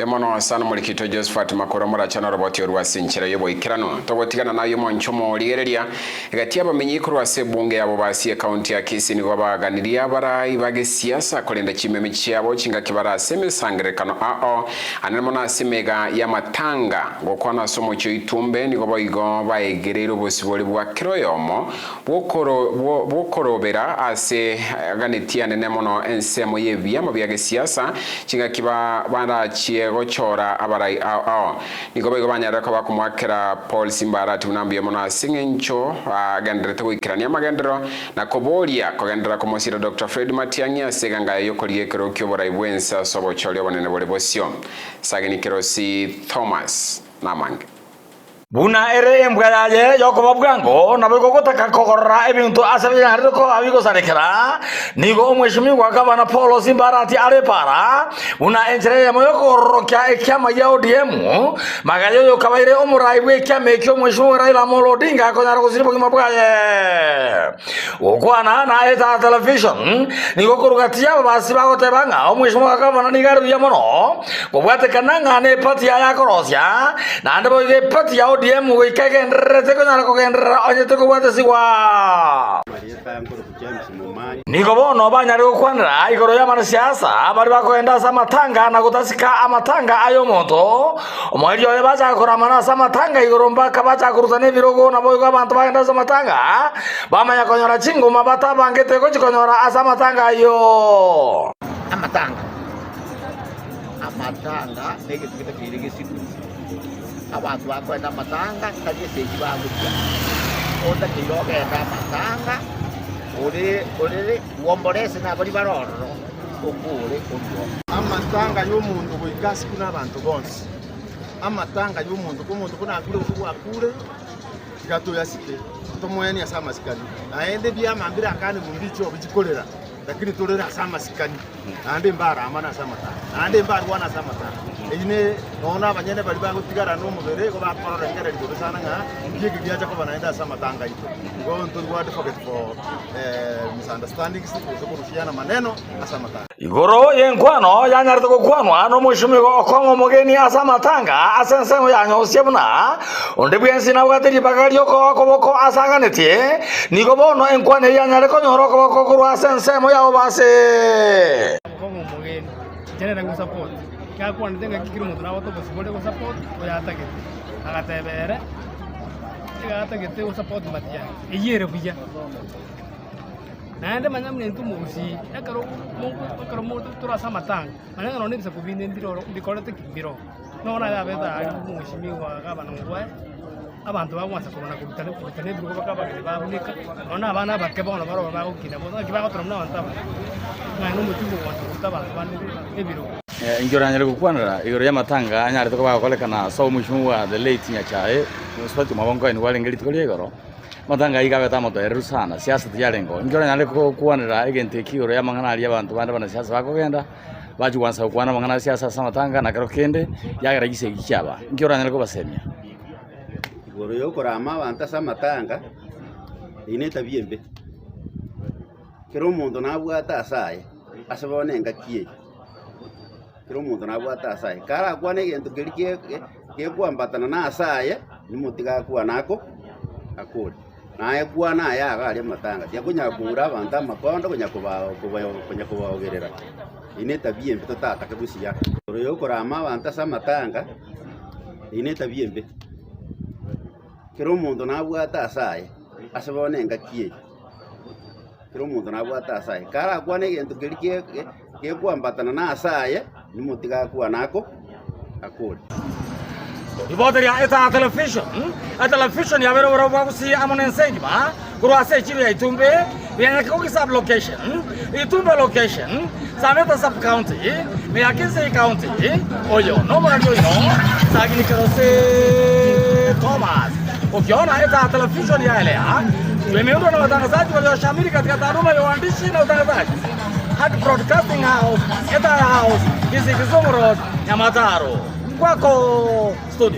bemono sana mulikito josephat makoromora chana roboti orwasi nchera yoboikerano togotigana nayo monchomo ligereria egati abamenyi ikorwase bunge yabo basi ekaunti ya kisi nigo baganirie abarai bagesiasa korenda chimeme chiabo chingaki barase emesangerekano ao anemo nase emega ya matanga na ase omochio itumbe nigo boigo baegereire obosibori bwa kero yomo bokorobera ase aganeti anene mono ensemo ya ebiamo bia gesiasa chingaki barachie gochora abarai ao ao niko baigo banyarire koba komwakera paul simbara ati buna mbuya mono ase ng'encho agenderete goikerania amagendero na koboria kogendera mosira dr fred matiang'i ase yo yokoria ekero kia oborai bwensa ase obochori obonene bore bosio sagenikero si thomas namange buna ere embwa yaje yokoba bwango nabo kogorora ebintu asebyanareko abigosarekera nigo mheshimiwa gavana paulo simbarati arepara buna enjira yamo ekiama gia odm magayo yokabaire omurai bwa ekiama ekio mheshimiwa raila amolo odinga akonyara gusiri bogima bwaye ukwana na eta television nigo korugatia babasi bagotebanga omheshimiwa gavana nigaruya mono gobwatekananga na epati yaya yakorosia nande boige epati yao dia ODM wikekendere tikunyala kukendera onye tikukwatisiwa niko bono banyali kukwanira igoro ya manasiasa bali bakuendasa amatanga na kutasika amatanga ayomonto omweli oyo bachakuramanaasa bantu igoro mpaka bachakurutana ebirogo nabo igo abantu baendasa amatanga bamanya konyora chinguma batabangite kuchikonyora asa amatanga ayo amatanga amatanga kiri kiri kisiku abantu bakwenda amatanga kanyesiji baguria utakiiga ogenda amatanga uriri womboresi nabori barororo ukure urio amatanga y'omuntu goika na n'abantu bonsi amatanga y'omuntu k'omuntu kunakure gutugwakure gatoya sike tomwenia samasikani naende byamambire akandi mundu obijikorera lakini tolera asama sikani andi mbara amana sama ta andi mbara wana sama ta ine nona banyene bali bango tigara no mubere ko bakora ngere ndo sana nga yigi byaje ko banaenda sama tanga ito go nturi wadu forget for eh misunderstandings uzokurushiana maneno asamatanga igoro yenkwano yanyarite gukwanwa n'umushumi gokongo mugeni asamatanga ase ensemo yanyosie buna onde bwensi nabwatiri mpaka rioko okoboko asanganitie nigo bono enkwana eye yanyare konyora okoboko korwa ase ensemo yabo base okongo mugeni tenere ngusapoti kiakwanete ngaki kiri omonto nabatobosibore gosapoti oyatagete agatebere igatagete gosapoti matiyange eyere buya naende manya muntu muci ekero ekero muntu torasa amatanga manya ngano nebisa kubinde ndiroro ndikorete kimbiro nona yabetha ari muci migwaga abana ngwae abantu bagwansa kubona kurutana kurutana ebirugo bakabagere babunika nona abana bake bono baroba bagukina bonaki bagotora muna abantu aba ng'aye n'omutima ogwansa kuruta abantu bane ebirugo ingiranyire gukwanira igoro y'amatanga anyarete ko bagakolekana so omushimo wa the late nyachae municipality mwabongo aini walengeri tiko lia igoro matanga igaweta eru sana siasa tialengo injo nale kukuanira egente kiuro ya mang'ana ya bantu bana bana siasa bakogenda wansa kukwana mang'ana siasa sa matanga na karo kende yagera gise gikiaba injo nale kubasemia igoro yo ama banta sa matanga ine biembe kero omonto nabwata asaye ase boone engakie kero omonto nabwata asaye karakwana egento keri gekwambatana na asaye nimotigakwanako akore naye bwana yagaria matanga tiakunya kura bantu amakondo kunya kunya kubaogerera ine tabia mbi tutatake gusia oroyo korama abantu ase matanga ine tabia mbi kero omonto nabwata asaye ase bono engaki eye kero omonto nabwata asaye kare akwana egento keri gekwambatana na asaye nimotigakwana ako akore iboodariya ita television hmm? television ya bero wara wagu si amon sejma guru ase jiri itumbe yana ko kisab location hmm? itumbe location sameta sub county me akinse county oyo no ma yo yo sagini karose Thomas ukiona ita television ya ile imeundwa na watangazaji walioshamiri katika taaluma ya uandishi na utangazaji hadi broadcasting house eta house kisi Kisumu Road Nyamataro 挂钩做的。